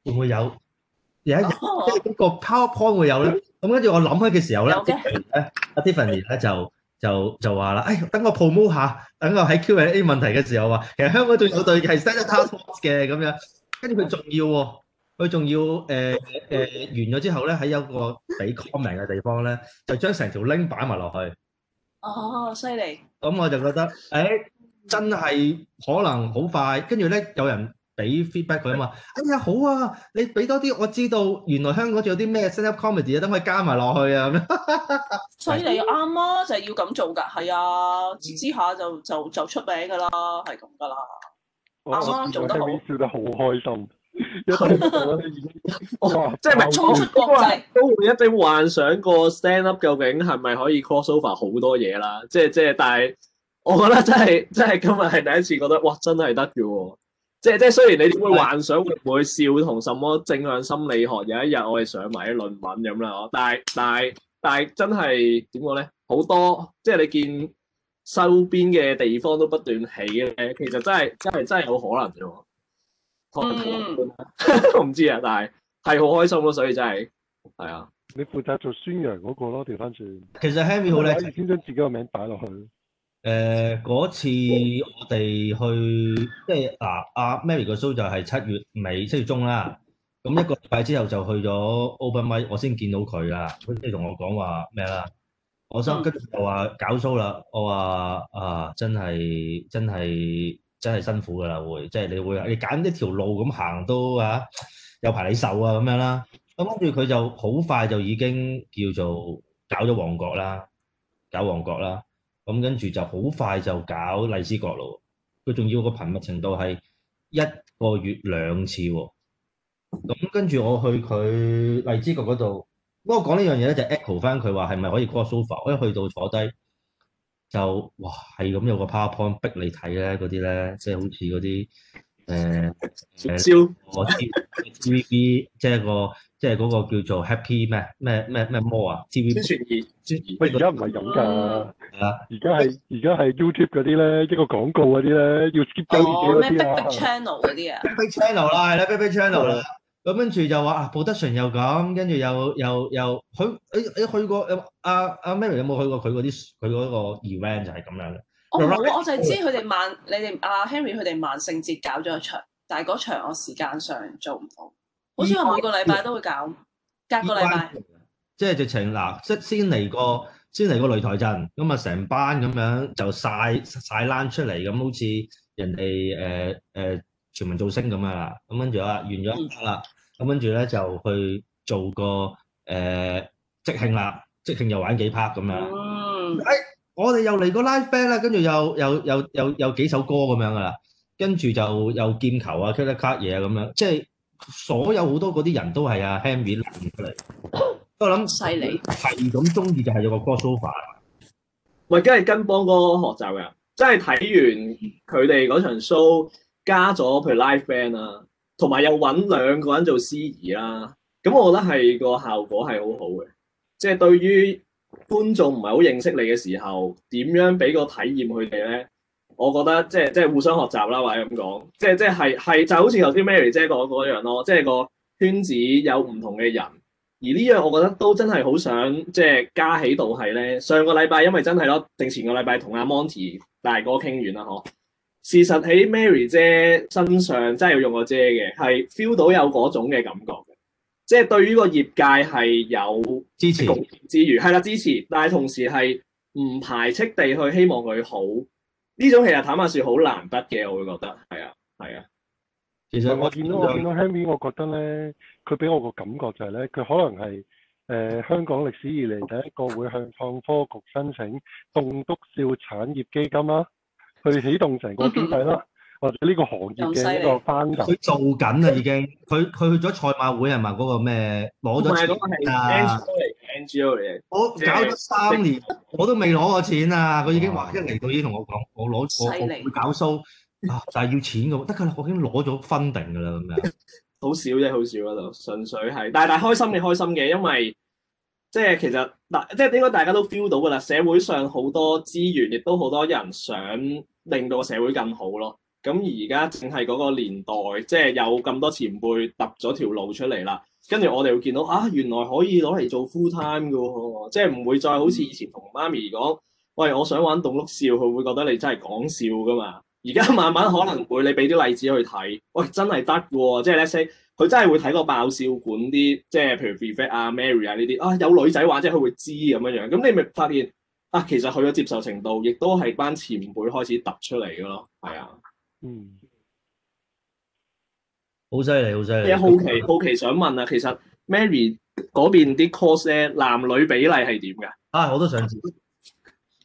會唔會有有一日即係嗰個 PowerPoint 會有咧？咁跟住我諗開嘅時候咧，咧啊，Tiffany 咧就，就就話啦，誒、哎，等我 promo 下，等我喺 Q&A 問題嘅時候話，其實香港仲有隊係 Standup Task Force 嘅咁樣，跟住佢仲要，佢仲要誒誒完咗之後咧，喺一個俾 comment 嘅地方咧，就將成條 link 擺埋落去。哦，犀利！咁我就覺得，誒、哎，真係可能好快，跟住咧有人，俾 feedback 佢啊嘛，哎呀好啊，你俾多啲，我知道原來香港仲有啲咩 stand up comedy 啊，等可以加埋落去啊。 所以你啱、就是、啊，就係要咁做噶，係啊，知知下就就就出名噶啦，係咁噶啦。啱啱我做得好，笑得好開心。哦，即係咪衝出國際？都會一定幻想過 stand up 究竟係咪可以 cross over 好多嘢啦？即係即係，但係我覺得真係真係今日係第一次覺得，哇，真係得嘅喎。即係即係，雖然你會幻想會唔會笑同什麼正向心理學，有一日我哋上埋啲論文咁啦，但係但係但係真係點講咧？好多即係你見收邊嘅地方都不斷起嘅，其實真係真係真係好可能嘅喎。我唔、嗯、 知啊，但係係好開心咯，所以真係。係啊，你負責做宣揚嗰個咯，調翻轉。其實 Henry 好叻，先將自己個名擺落去。誒嗰、呃、次我哋去，即係嗱阿 Mary 嘅 show 就係七月尾、七月中啦，咁一個禮拜之後就去咗 Open Mic 我先見到佢啦。佢即係同我講話咩啦？我想跟住就話搞 show 啦。我話啊，真係真係真係辛苦㗎啦，會即係你會你揀一條路咁行都嚇，有、啊、排你受啊咁樣啦。咁跟住佢就好快就已經叫做搞咗旺角啦，搞旺角啦。咁跟住就好快就搞荔枝角咯，佢仲要個頻密程度係一個月兩次喎、哦。咁跟住我去佢荔枝角嗰度，不過我講呢樣嘢咧就 echo 翻佢話係咪可以 call sofa 我一去到坐低就哇係咁有個 PowerPoint 逼你睇咧嗰啲咧，即係好似嗰啲誒誒我知 TVB 即係個。即係嗰個叫做 Happy 咩咩咩咩 More 啊！即係傳言，唔係而家唔係咁㗎。而家係而家係 YouTube 嗰啲咧，一個廣告嗰啲咧，要 Big 咩 Big Big Channel 嗰啲啊。Big Big Channel 啦、啊，係啦，Big Big Channel 啦。咁跟住就話啊 Production 又咁，跟住又又又佢你你去過有阿阿 Mary 有冇去過佢嗰啲佢嗰個 event 就係咁樣嘅。哦、Right? 我就係知佢哋萬你哋阿、啊、Henry 佢哋萬聖節搞咗一場，但係嗰場我時間上做唔到。.好似我每個禮拜都會搞，隔個禮拜，即係直情嗱，即先嚟個先嚟個擂台陣，咁啊成班咁樣就晒晒躝出嚟，咁好似人哋誒誒全民造星咁樣，咁跟住啊完咗一 part 啦，咁跟住咧，就去做個誒、呃、即興啦，即興又玩幾 part 咁樣，誒、嗯哎、我哋又嚟個 live band 啦，跟住又又又又又，有幾首歌咁樣噶啦，跟住就又劍球啊 cut the cut 嘢啊咁樣，即係。所有好多嗰啲人都係啊，Henry 諗出嚟，我諗犀利，係咁中意，就係有個 co sofa，我而家係跟邦哥學習嘅，即係睇完佢哋嗰場 show，加咗譬如 live band 啦，啊，同埋又搵兩個人做司儀啦，咁、嗯、我覺得係個效果係好好嘅，即係對於觀眾唔係好認識你嘅時候，點樣俾個體驗佢哋咧？我覺得即係即係互相學習啦，或者咁講，即係即係係就好似頭先 Mary 姐講嗰樣咯，即係個圈子有唔同嘅人，而呢樣我覺得都真係好想即係加起度係咧。上個禮拜因為真係咯，定前個禮拜同阿 Monty 大哥傾完啦嗬，事實喺 Mary 姐身上真係要用個遮嘅，係 feel 到有嗰種嘅感覺嘅，即係對於個業界係有支持之餘，係啦支持，但係同時係唔排斥地去希望佢好。呢種其實坦白說好難得嘅，我會覺得係啊，係啊。其實我見到我見到 Henry，我覺得咧，佢俾我個感覺就係、是、咧，佢可能係誒、呃、香港歷史以嚟第一個會向創科局申請棟篤笑產業基金啦、啊，去起動成個經濟啦、啊，嗯、哼或者呢個行業嘅一個翻。佢做緊啊，已經。佢佢去咗賽馬會係咪嗰個咩攞咗錢、啊我搞咗三年，就是、我都未攞過錢啊！佢 已經話一嚟到已經同我講，我攞我我搞 show，啊！但係要錢嘅得㗎啦，我已經攞咗 funding 㗎啦咁樣。好少啫，好少度，純粹係，但係但係開心嘅開心嘅，因為即係其實嗱，即係點講大家都 feel 到㗎啦，社會上好多資源，亦都好多人想令到個社會更好咯。咁而家淨係嗰個年代，即係有咁多前輩揼咗條路出嚟啦。跟住我哋會見到啊，原來可以攞嚟做 full time 嘅喎、哦，即係唔會再好似以前同媽咪講，喂，我想玩棟篤笑，佢會覺得你真係講笑噶嘛。而家慢慢可能會你俾啲例子去睇，喂，真係得嘅喎，即係 let’s say，佢真係會睇個爆笑館啲，即係譬如 Vivek 啊、Mary 啊呢啲啊，有女仔玩即係佢會知咁樣樣。咁你咪發現啊，其實佢嘅接受程度亦都係班前輩開始突出嚟嘅咯，係啊。嗯。好犀利，好犀利！好奇好奇想問啊，其實 Mary 嗰邊啲 course 咧，男女比例係點噶？啊，我都想知。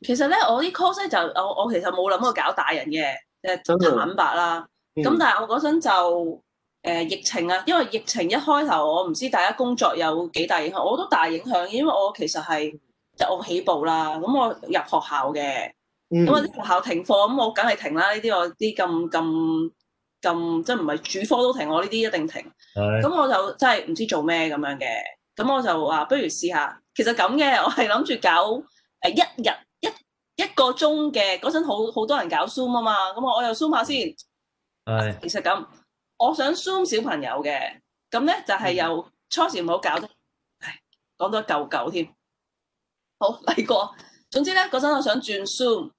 其實咧，我啲 course 咧就我我其實冇諗過搞大人嘅，即坦白啦。咁、嗯、但係我嗰陣就誒、呃、疫情啊，因為疫情一開頭我唔知大家工作有幾大影響，我都大影響，因為我其實係即係我起步啦，咁我入學校嘅，咁啲、嗯、學校停課，咁我梗係停啦。呢啲我啲咁咁。咁即係唔係主科都停，我呢啲一定停。咁 Right. 我就真係唔知做咩咁樣嘅，咁我就話不如試下。其實咁嘅，我係諗住搞誒、欸、一日一一個鐘嘅。嗰陣好好多人搞 Zoom 啊嘛，咁我又就 Zoom 下先。係，Right. 其實咁，我想 Zoom 小朋友嘅。咁咧就係、是、由初時唔好搞，講到一舊舊添。好嚟過，總之咧嗰陣我想轉 Zoom。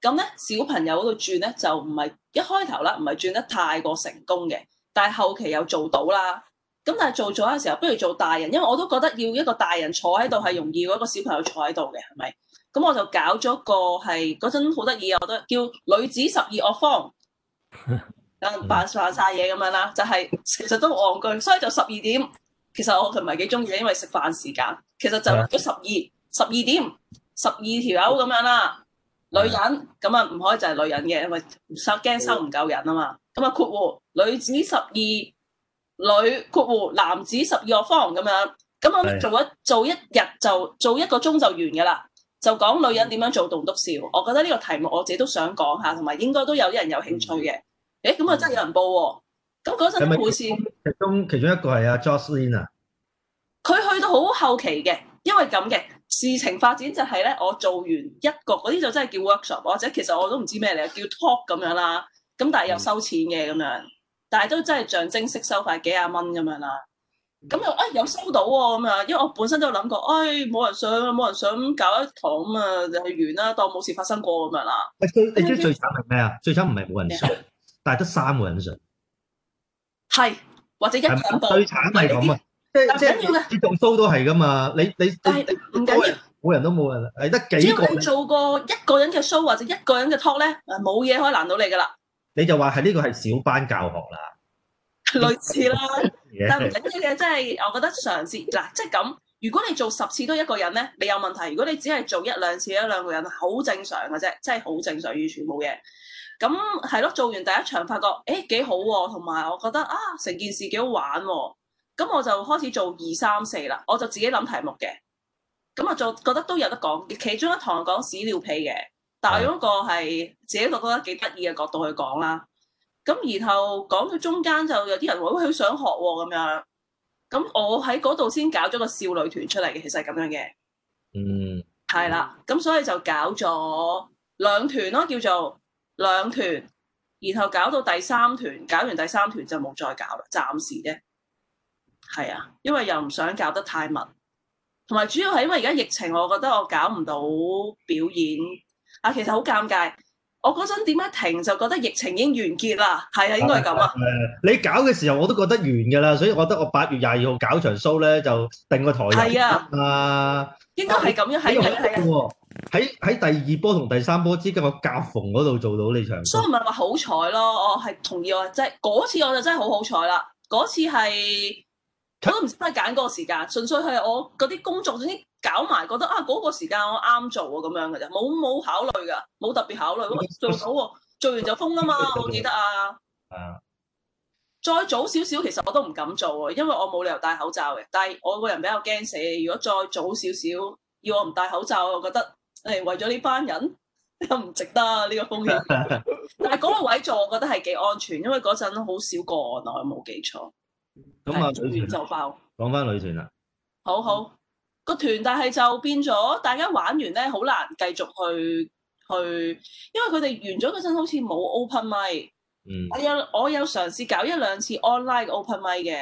咁咧，小朋友嗰度轉咧就唔係一開頭啦，唔係轉得太過成功嘅，但係後期又做到啦。咁但係做咗嘅時候，不如做大人，因為我都覺得要一個大人坐喺度係容易過一個小朋友坐喺度嘅，係咪？咁我就搞咗個，係嗰陣好得意，我覺得叫女子十二樂坊」，扮扮曬嘢咁樣啦，就係、是、其實都戇居，所以就十二點。其實我唔係幾中意，因為食飯時間。其實就十二十二點十二條友咁樣啦。女人咁啊，唔可以就係女人嘅，因為收驚收唔夠人啊嘛。咁啊括弧女子十二，女括弧男子十二個方咁樣。咁我做咗做一日就做一個鐘就完㗎啦。就講女人點樣做棟篤笑。嗯、我覺得呢個題目我自己都想講下，同埋應該都有啲人有興趣嘅。誒咁啊，真係有人報喎、啊。咁嗰陣嘅會先，其中其中一個係阿 Jocelyn，佢去到好後期嘅，因為咁嘅。事情發展就係咧，我做完一個嗰啲就真係叫 workshop，或者其實我都唔知咩嚟，叫 talk 咁樣啦。咁但係又收錢嘅咁樣，但係都真係象徵式收費幾廿蚊咁樣啦。咁又啊、哎、有收到喎咁樣，因為我本身都有諗過，哎冇人想冇人想搞一堂咁啊，就係、是、完啦，當冇事發生過咁樣啦。你知最最慘係咩啊？最慘唔係冇人上，Yeah. 但係得三個人上。係，或者一兩個。最慘係咁啊！即係唔緊要嘅，做 show 都係㗎嘛，你但是你但係唔緊要，冇人，人都冇人，係得幾個。只要你做過一個人嘅 show 或者一個人嘅 talk 咧，冇嘢可以難到你㗎啦。你就話係呢個係小班教學啦，類似啦。 但唔呢樣嘢真係，即係、我覺得嘗試嗱，即係咁，如果你做十次都一個人咧，你有問題；如果你只係做一兩次一兩個人，好正常嘅啫，即係好正常，完全冇嘢。咁係咯，做完第一場發覺，誒、欸、幾好喎，啊，同埋我覺得啊，成件事幾好玩喎。啊啊啊咁我就開始做二三四啦，我就自己諗題目嘅，咁啊就覺得都有得講，其中一堂講屎尿屁嘅，但係嗰個係自己覺得幾得意嘅角度去講啦。咁然後講到中間就有啲人話，哇，好想學喎咁樣。咁我喺嗰度先搞咗個少女團出嚟嘅，其實係咁樣嘅。嗯，係啦。咁所以就搞咗兩團咯，叫做兩團。然後搞到第三團，搞完第三團就冇再搞啦，暫時啫。係啊，因為又唔想搞得太密，同埋主要係因為而家疫情，我覺得我搞唔到表演啊。其實好尷尬，我嗰陣點一停就覺得疫情已經完結啦。係啊，應該係咁啊，啊。你搞嘅時候我都覺得完㗎啦，所以我覺得我八月廿二號搞場 show 咧，就定個台。係啊，應該係咁樣喺喺喺第二波同第三波之間個夾縫嗰度做到呢場。所以唔係話好彩咯，我係同意話即係嗰次我就真係好好彩啦，嗰次係。我都唔知點揀嗰個時間，純粹係我嗰啲工作總之搞埋，覺得啊嗰、嗰個時間我啱做啊咁樣嘅，咋，冇冇考慮噶，冇特別考慮。我做早，做完就封啦嘛，我記得啊。係啊，再早少少其實我都唔敢做啊，因為我冇理由戴口罩嘅。但係我個人比較驚死，如果再早少少，要我唔戴口罩，我覺得誒、哎、為咗呢班人又唔值得呢、啊呢個風險。 但係嗰個位做，我覺得係幾安全，因為嗰陣好少個案啊，我冇記錯。咁啊，組完就爆，講翻女團啦。團好好個團，但係、嗯、就變咗，大家玩完咧，好難繼續去去，因為佢哋完咗嗰陣好似冇 open mic 嗯。嗯，我有我有嘗試搞一兩次 online open mic 嘅，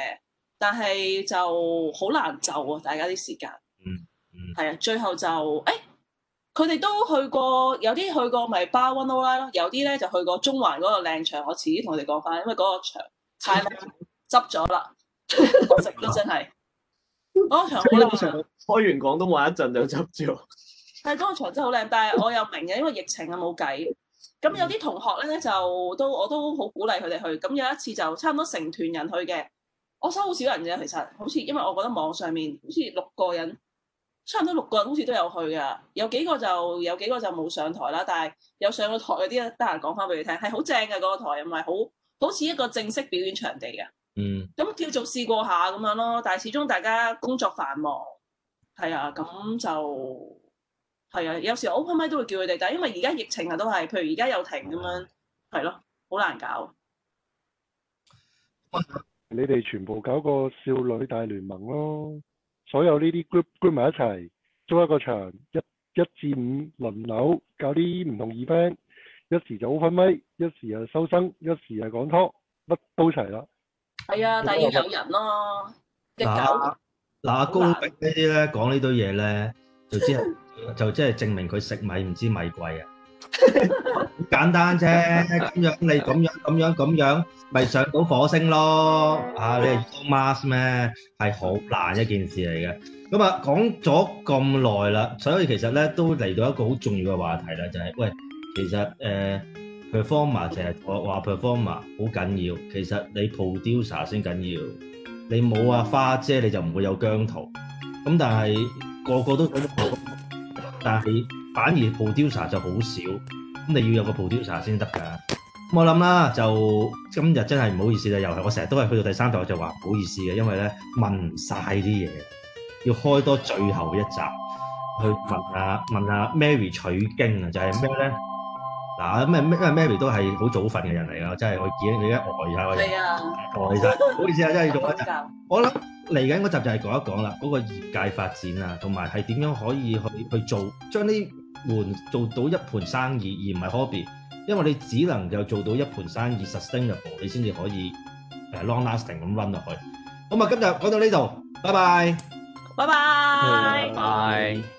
但係就好難遷就啊，大家啲時間、嗯。嗯嗯，係啊，最後就誒，佢、哎、哋都去過，有啲去過咪 bar one online 咯，有啲咧就去過中環嗰個靚場，我遲啲同佢哋講翻，因為嗰個場太靚。 執咗啦，食咗真係。嗰 場好靚，開完廣東話一陣就執咗。但係嗰個場真係好靚，但係我又明嘅，因為疫情啊冇計。咁有啲同學咧就都我都好鼓勵佢哋去。咁有一次就差唔多成團人去嘅，我收好少人嘅其實，好似因為我覺得網上面好似六個人，差唔多六個人好似都有去嘅。有幾個就有幾個就冇上台啦，但係有上咗台嗰啲得閒講翻俾你聽，係好正嘅嗰個台，唔係好好似一個正式表演場地嘅。嗯，咁叫做試過下咁樣咯。但係始終大家工作繁忙，係啊，咁就係啊。有時 open m 都會叫佢哋，但係因為而家疫情啊，都係，譬如而家有停咁樣，係咯、啊，好難搞。你哋全部搞個少女大聯盟咯，所有呢啲 group group 埋一齊，租一個場，一一至五輪流搞啲唔同 event，一時就 open m 一時又收生，一時又講拖，乜都齊啦。係啊，但係要有人咯。嗱嗱，阿高丙呢啲咧講呢堆嘢咧，就即係就即係證明佢食米唔知米貴啊。簡單啫，咁樣你咁樣咁樣咁樣，咪上到火星咯？嚇，你係做 Musk 咩？係好難一件事嚟嘅。咁啊，講咗咁耐啦，所以其實咧都嚟到一個好重要嘅話題啦，就係喂，其實誒。performer、er、成日話 performer 好緊要，其實你 producer 先緊要。你冇阿花姐你就唔會有姜濤咁，但係個個都想鋪，但係反而 producer 就好少。咁你要有個 producer 先得㗎。咁我諗啦，就今日真係唔好意思啦，又係我成日都係去到第三集我就話唔好意思嘅，因為咧問唔晒啲嘢，要開多最後一集去問下問阿 Mary 取經啊，就係咩咧？嗱咁咩咩，因為 Mary 都係好早瞓嘅人嚟㗎，即係我見你而家呆曬，我而家呆曬，唔好意思啊，真係仲有一集。我諗嚟緊嗰集就係講一講啦，嗰個業界發展啊，同埋係點樣可以去去做，將呢門做到一盤生意，而唔係 Hobby，因為你只能夠做到一盤生意，sustainable，你先至可以誒 long lasting 咁 run 落去。咁啊，今日講到呢度，拜拜，拜拜，拜拜。